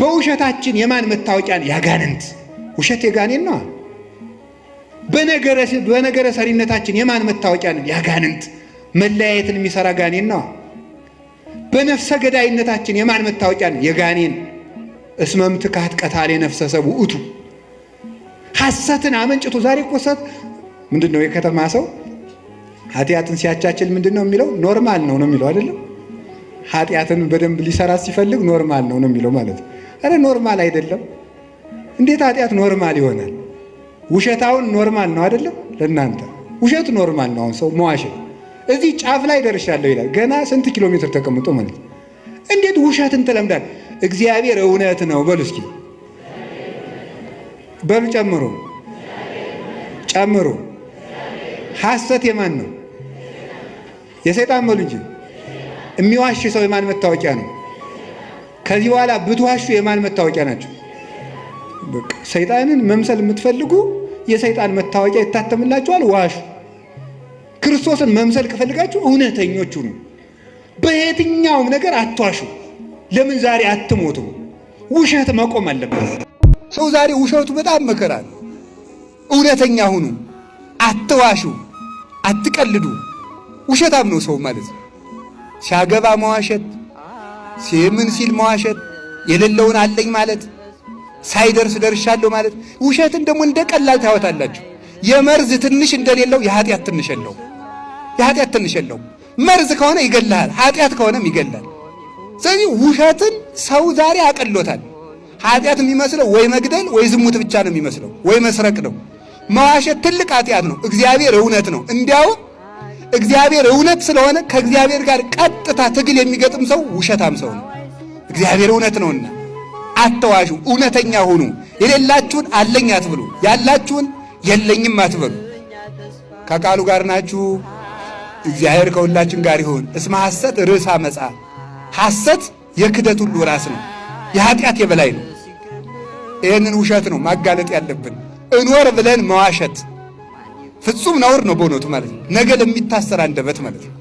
በውሸታችን የማን መታወቂያን ያጋንንት ውሸት የጋኔን ነው። በነገረ ሰሪነታችን የማን መታወቂያን ያጋንንት መለያየትን የሚሰራ ጋኔን ነው። በነፍሰ ገዳይነታችን የማን መታወቂያ የጋኔን እስመም ትካት ቀታሌ ነፍሰ ሰብ ውእቱ ሐሰትን አመንጭቱ። ዛሬ እኮ ሰት ምንድን ነው የከተማ ሰው ኃጢአትን ሲያቻችል ምንድን ነው የሚለው? ኖርማል ነው ነው የሚለው አይደለም። ኃጢአትን በደንብ ሊሰራ ሲፈልግ ኖርማል ነው ነው የሚለው ማለት ነው። ኧረ ኖርማል አይደለም። እንዴት ኃጢአት ኖርማል ይሆናል? ውሸታውን ኖርማል ነው አይደለም? ለእናንተ ውሸቱ ኖርማል ነው። አሁን ሰው መዋሸ እዚህ ጫፍ ላይ ደርሻለሁ ይላል። ገና ስንት ኪሎ ሜትር ተቀምጦ ማለት እንዴት ውሸትን ትለምዳል? እግዚአብሔር እውነት ነው በሉ እስኪ በሉ ጨምሩ ጨምሩ። ሐሰት የማን ነው? የሰይጣን በሉ እንጂ የሚዋሽ ሰው የማን መታወቂያ ነው? ከዚህ በኋላ ብትዋሹ የማን መታወቂያ ናቸው? ሰይጣንን መምሰል የምትፈልጉ የሰይጣን መታወቂያ ይታተምላችኋል። ዋሹ። ክርስቶስን መምሰል ከፈልጋችሁ እውነተኞቹ ነው። በየትኛውም ነገር አትዋሹ። ለምን ዛሬ አትሞቱ? ውሸት መቆም አለበት። ሰው ዛሬ ውሸቱ በጣም መከራ ነው። እውነተኛ ሁኑ። አትዋሹ፣ አትቀልዱ። ውሸታም ነው ሰው ማለት ነው። ሲያገባ መዋሸት ምን ሲል መዋሸት፣ የሌለውን አለኝ ማለት፣ ሳይደርስ ደርሻለሁ ማለት። ውሸትን ደግሞ እንደ ቀላል ታወታላችሁ። የመርዝ ትንሽ እንደሌለው የኃጢአት ትንሽ የለው፣ የኃጢአት ትንሽ የለው። መርዝ ከሆነ ይገልሃል፣ ኃጢአት ከሆነም ይገላል። ስለዚህ ውሸትን ሰው ዛሬ አቀሎታል። ኃጢአት የሚመስለው ወይ መግደል ወይ ዝሙት ብቻ ነው የሚመስለው፣ ወይ መስረቅ ነው። መዋሸት ትልቅ ኃጢአት ነው። እግዚአብሔር እውነት ነው እንዲያውም እግዚአብሔር እውነት ስለሆነ ከእግዚአብሔር ጋር ቀጥታ ትግል የሚገጥም ሰው ውሸታም ሰው ነው። እግዚአብሔር እውነት ነውና አተዋሹ፣ እውነተኛ ሁኑ። የሌላችሁን አለኝ አትብሉ፣ ያላችሁን የለኝም አትበሉ። ከቃሉ ጋር ናችሁ። እግዚአብሔር ከሁላችን ጋር ይሁን። እስመ ሐሰት ርዕሰ መጻ ሐሰት የክደት ሁሉ ራስ ነው፣ የኃጢአት የበላይ ነው። ይህንን ውሸት ነው ማጋለጥ ያለብን፣ እኖር ብለን መዋሸት ፍጹም ነውር ነው በእውነቱ ማለት ነው። ነገ ለሚታሰር አንደበት ማለት ነው።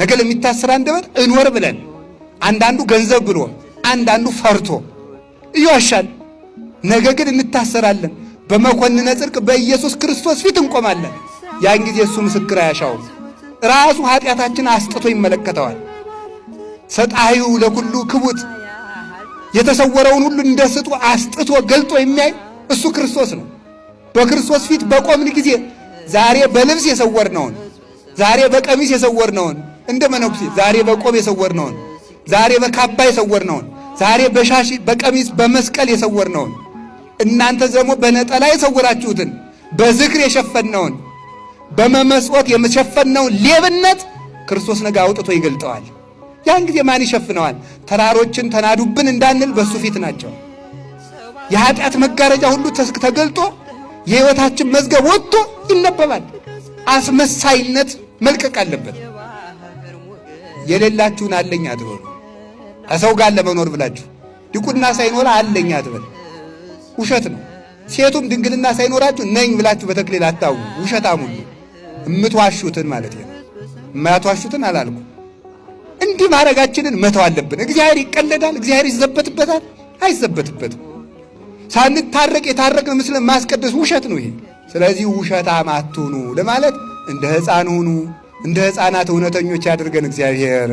ነገ ለሚታሰር አንደበት እንወር ብለን አንዳንዱ ገንዘብ ብሎ አንዳንዱ ፈርቶ ይዋሻል። ነገ ግን እንታሰራለን። በመኮንነ ጽድቅ በኢየሱስ ክርስቶስ ፊት እንቆማለን። ያን ጊዜ እሱ ምስክር አያሻውም። ራሱ ኃጢአታችን አስጥቶ ይመለከተዋል። ሰጣዩ ለኩሉ ክቡት የተሰወረውን ሁሉ እንደ ስጡ አስጥቶ ገልጦ የሚያይ እሱ ክርስቶስ ነው። በክርስቶስ ፊት በቆምን ጊዜ ዛሬ በልብስ የሰወርነውን፣ ዛሬ በቀሚስ የሰወርነውን እንደ መነኩሴ፣ ዛሬ በቆብ የሰወርነውን፣ ዛሬ በካባ የሰወርነውን፣ ዛሬ በሻሽ በቀሚስ በመስቀል የሰወርነውን እናንተ ደግሞ በነጠላ የሰወራችሁትን በዝክር የሸፈነውን በመመስወት የመሸፈነውን ሌብነት ክርስቶስ ነገ አውጥቶ ይገልጠዋል። ያን ጊዜ ማን ይሸፍነዋል? ተራሮችን ተናዱብን እንዳንል በእሱ ፊት ናቸው። የኃጢአት መጋረጃ ሁሉ ተገልጦ የህይወታችን መዝገብ ወጥቶ ይነበባል። አስመሳይነት መልቀቅ አለበት። የሌላችሁን አለኝ አትበሉ። ከሰው ጋር ለመኖር ብላችሁ ድቁና ሳይኖራ አለኝ አትበል፣ ውሸት ነው። ሴቱም ድንግልና ሳይኖራችሁ ነኝ ብላችሁ በተክሊል አታው፣ ውሸት አሙሉ። እምትዋሹትን ማለት ነው። የማያትዋሹትን አላልኩ። እንዲህ ማድረጋችንን መተው አለብን። እግዚአብሔር ይቀለዳል። እግዚአብሔር ይዘበትበታል። አይዘበትበትም። ሳንታረቅ የታረቅን ምስል ማስቀደስ ውሸት ነው ይሄ። ስለዚህ ውሸታም አትሁኑ ለማለት እንደ ሕፃን ሁኑ። እንደ ሕፃናት እውነተኞች ያድርገን እግዚአብሔር።